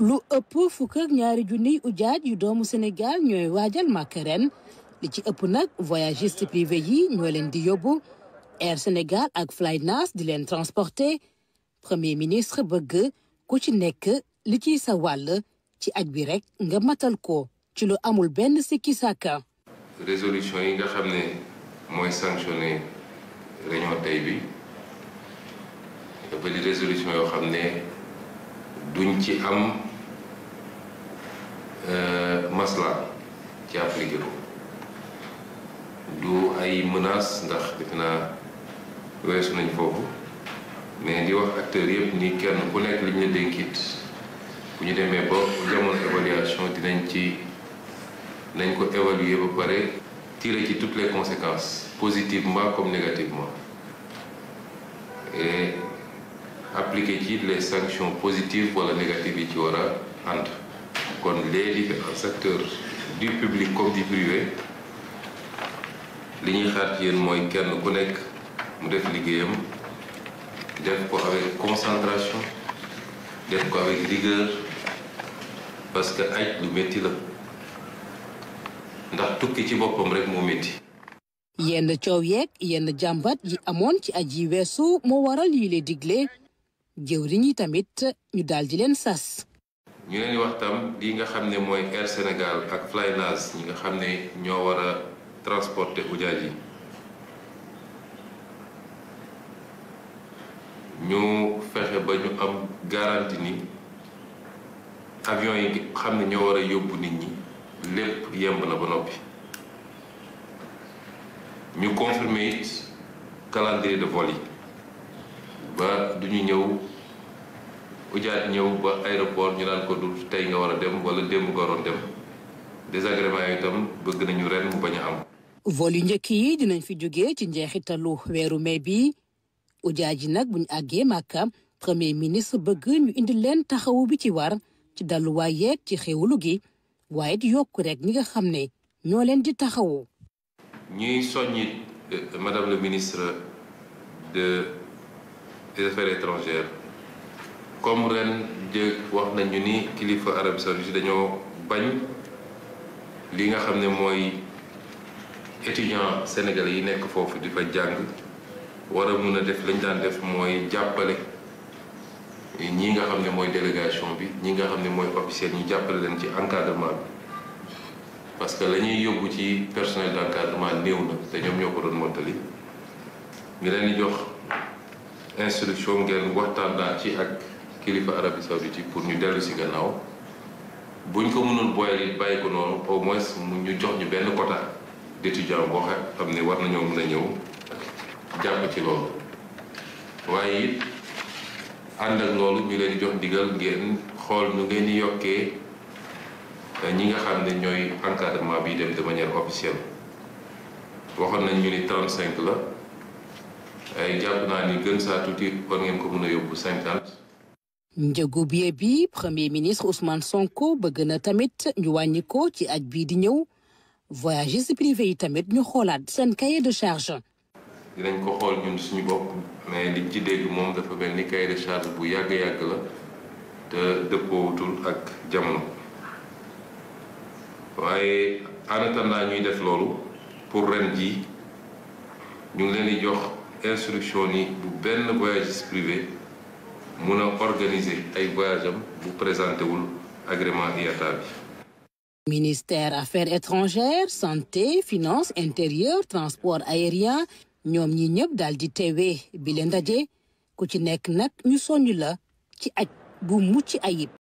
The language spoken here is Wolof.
lu ëpp fukk ak ñaari junniy ujaaj yu doomu Sénégal ñooy waajal màkk li ci ëpp nag voyagiste privé yi ñoo leen di yóbbu Air Sénégal ak Flynas di leen transporter premier ministre bëgg ku ci nekk li ciy sa wàll ci aj bi rekk nga matal ko ci lu amul benn sikki sàkka résolution yi nga xam ne mooy sanctionné réunion tey bi dafa di résolution yoo xam ne duñ ci am maslaa ci appliqué du ay menace ndax defe naa weesu nañ foofu mais di wax acteurs yëpp ni kenn bu nekk li ñu la dénkit bu ñu demee ba jamono évaluation dinañ ci nañ ko évaluer ba pare tirer ci toutes les conséquences positivement comme négativement et appliquer ci les sanctions positives wala négatives yi ci war a ànd kon léegi un secteur du public comme du privé li ñuy xaar ci mooy kenn ku nekk mu def liggéeyam def ko avec concentration def ko avec rigueur parce que aj lu métti la ndax tukki ci boppam rek moo métti yenn coow yeeg yenn jàmbat yi amoon ci aj yi weesu moo waral yi le digle jëwriñ yi tamit ñu daal di leen sas ñu leen di wax tam lii nga xam ne mooy Air Sénégal ak Flynas ñi nga xam ne ñoo war a transporter ujaaj yi ñu fexe ba ñu am garantie ni avion yi xam ne ñoo war a yóbbu nit ñi lépp yemb na ba noppi ñu confirmer it calendrier de vol yi ba du ñëw ujaat ñëw ba aéroport ñu naan ko du tey nga war a dem wala démb nga dem désagrément yi itam bëgg nañu ren mu bañ am. vol yu njëkk yi dinañ fi jógee ci njeexitalu weeru mai bi ujaat ji nag buñ àggee Màkka premier ministre bëgg ñu indi leen taxawu bi ci war ci dalluwaay yeeg ci xéwlu gi waaye it yokk rek ñi nga xam ne ñoo leen di taxawu. ñuy soññit euh, madame le ministre de des affaires étrangères. comme ren jë wax nañu ni kilifa Arabie Saoudite dañoo bañ li nga xam ne mooy étudiants sénégalais yi nekk foofu di fa jàng war a mun a def lañ daan def mooy jàppale ñi nga xam ne mooy délégation bi ñi nga xam ne mooy officiel ñu jàppale leen ci encadrement bi parce que la ñuy yóbbu ci personnel d'encadrement néew na te ñoom ñoo ko doon mottali ñu leen di jox instruction ngeen waxtaan daal ci ak kilifa Arabie Saoudite yi pour ñu dellu si gannaaw buñ ko mënoon boyal it bàyyi ko noonu au moins ñu jox ñu benn quota d'étudiant boo xam ne war nañoo mën a ñëw jàpp ci loolu waaye it ànd ak loolu ñu leen jox ndigal ngeen xool ñu ngeen di yokkee eh, ñi nga xam ne ñooy encadrement bi dem de manière officielle waxoon nañ ñu ni 35 la ay eh, jàpp naa ni gën saa tuuti war ngeen ko mën a yóbbu cinquante njëgu billet bi premier ministre Ousmane Sonko bëgg na tamit ñu wàññikoo ci aj bii di ñëw voyagistes privés yi tamit ñu xoolaat seen cahier de charge. dinañ ko xool ñun suñu bopp mais liñ ci dégg moom dafa mel ni cahier de charge bu yàgg-yàgg la te dëppoowutul ak jamono waaye en attendant ñuy def loolu pour ren ji ñu leen di jox instruction ni bu benn voyagiste privé. mun a organiser ay voyage am bu présenté wul agrément IATA ministère affaires étrangères santé finance intérieur transport aérien ñoom ñi ñëpp daal di teewee bi ndaje ku ci nekk nag ñu soññ la ci aj bu mucc ayib.